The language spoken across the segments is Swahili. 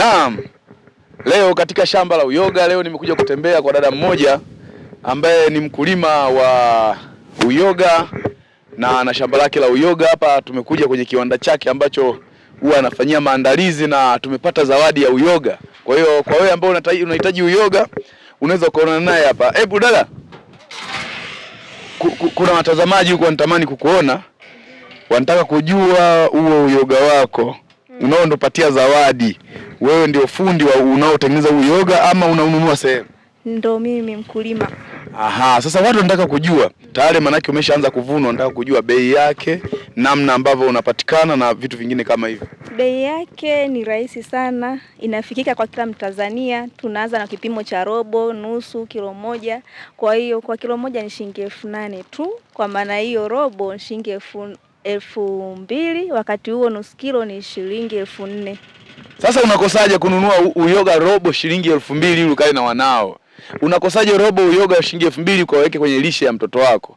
Naam, leo katika shamba la uyoga, leo nimekuja kutembea kwa dada mmoja ambaye ni mkulima wa uyoga na na shamba lake la uyoga. Hapa tumekuja kwenye kiwanda chake ambacho huwa anafanyia maandalizi na tumepata zawadi ya uyoga. Kwa hiyo kwa wewe ambao unahitaji uyoga unaweza ukaonana naye hapa. Hebu dada, kuna watazamaji huko wanatamani kukuona, wanataka kujua huo uyoga wako mm. unaondopatia zawadi wewe ndio fundi unaotengeneza huu yoga ama unaununua sehemu? Ndo mimi mkulima. Aha, sasa watu wanataka kujua tayari, maanake umeshaanza kuvuna, wanataka kujua bei yake, namna ambavyo unapatikana na vitu vingine kama hivyo. Bei yake ni rahisi sana, inafikika kwa kila Mtanzania. Tunaanza na kipimo cha robo, nusu, kilo moja. Kwa hiyo kwa kilo moja ni shilingi elfu nane tu, kwa maana hiyo robo shilingi elfu mbili, wakati huo nusu kilo ni shilingi elfu nne. Sasa unakosaje kununua uyoga robo shilingi elfu mbili ili ukae na wanao? Unakosaje robo uyoga wa shilingi elfu mbili ukaweke kwenye lishe ya mtoto wako?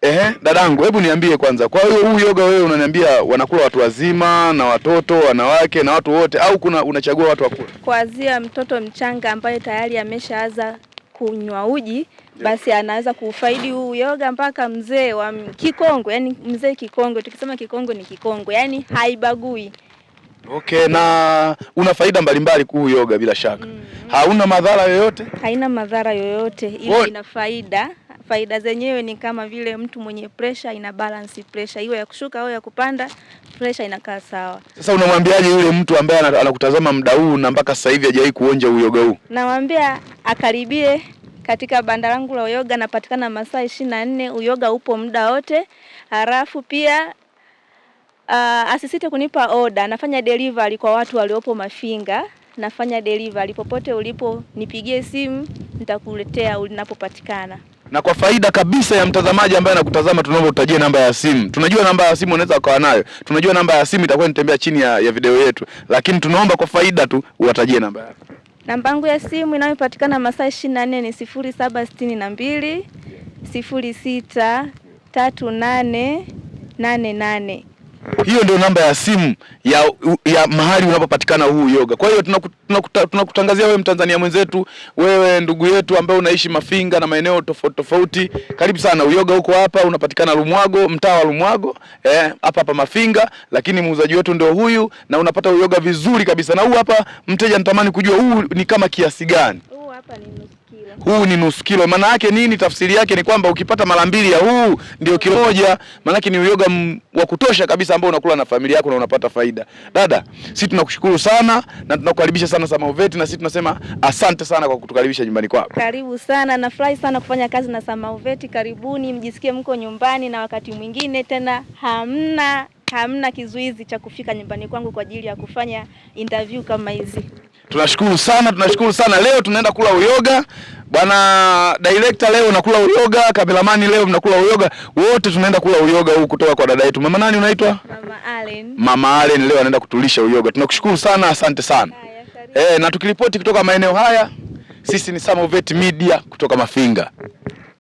Ehe, dadangu, hebu niambie kwanza. Kwa hiyo huu yoga wewe unaniambia wanakula watu wazima na watoto, wanawake na watu wote, au kuna unachagua watu wakula? Kuanzia mtoto mchanga ambaye tayari ameshaanza kunywa uji, basi anaweza kufaidi huu yoga mpaka mzee wa kikongwe, yani mzee kikongwe. Tukisema kikongwe ni kikongwe, yani haibagui. Okay, na una faida mbalimbali kuu yoga bila shaka. Mm. Hauna madhara yoyote? Haina madhara yoyote. Ile ina faida. Faida zenyewe ni kama vile mtu mwenye pressure ina balance pressure iwe ya kushuka au ya kupanda, pressure inakaa sawa. Sasa unamwambiaje yule mtu ambaye anakutazama muda huu na mpaka sasa hivi hajawahi kuonja uyoga huu? Namwambia akaribie katika banda langu la uyoga, napatikana masaa ishirini na nne. Uyoga upo muda wote, halafu pia Uh, asisite kunipa oda. Nafanya delivery kwa watu waliopo Mafinga, nafanya delivery popote ulipo, nipigie simu nitakuletea unapopatikana. Na kwa faida kabisa ya mtazamaji ambaye anakutazama, tunaomba utajie namba ya simu. Tunajua namba ya simu unaweza ukawa nayo, tunajua namba ya simu itakuwa inatembea chini ya, ya video yetu, lakini tunaomba kwa faida tu uwatajie namba yako. Namba yangu ya simu inayopatikana masaa ishirini na nne ni sifuri saba sitini na mbili sifuri sita tatu nane nane nane. Hiyo ndio namba ya simu ya, ya mahali unapopatikana huu yoga. Kwa hiyo tunakutangazia wewe Mtanzania mwenzetu, wewe ndugu yetu ambaye unaishi Mafinga na maeneo tofauti tofauti, karibu sana. Uyoga huko hapa unapatikana Lumwago, mtaa wa Lumwago eh, hapa eh, hapa Mafinga, lakini muuzaji wetu ndio huyu na unapata uyoga vizuri kabisa. Na huu hapa mteja, natamani kujua huu ni kama kiasi gani? huu ni nusu kilo. Maana yake nini? Tafsiri yake ni kwamba ukipata mara mbili ya huu ndio kilo moja, maana yake ni uyoga wa kutosha kabisa ambao unakula na familia yako na unapata faida. Dada, sisi tunakushukuru sana na tunakukaribisha sana Samauveti, na sisi tunasema asante sana kwa kutukaribisha nyumbani kwako. Karibu sana, nafurahi sana kufanya kazi na Samauveti. Karibuni, mjisikie mko nyumbani, na wakati mwingine tena hamna hamna kizuizi cha kufika nyumbani kwangu kwa ajili ya kufanya interview kama hizi. Tunashukuru sana, tunashukuru sana. Leo tunaenda kula uyoga bwana director, leo nakula uyoga, kameramani leo mnakula uyoga, wote tunaenda kula uyoga huu kutoka kwa dada yetu mama nani unaitwa mama Allen. Mama Allen leo anaenda kutulisha uyoga. Tunakushukuru sana, asante sana eh. Na tukiripoti kutoka maeneo haya, sisi ni Samovet Media kutoka Mafinga.